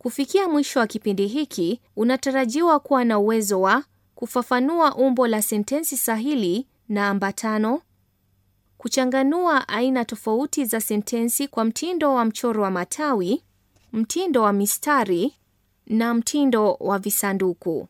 Kufikia mwisho wa kipindi hiki, unatarajiwa kuwa na uwezo wa kufafanua umbo la sentensi sahili na ambatano, kuchanganua aina tofauti za sentensi kwa mtindo wa mchoro wa matawi, mtindo wa mistari na mtindo wa visanduku.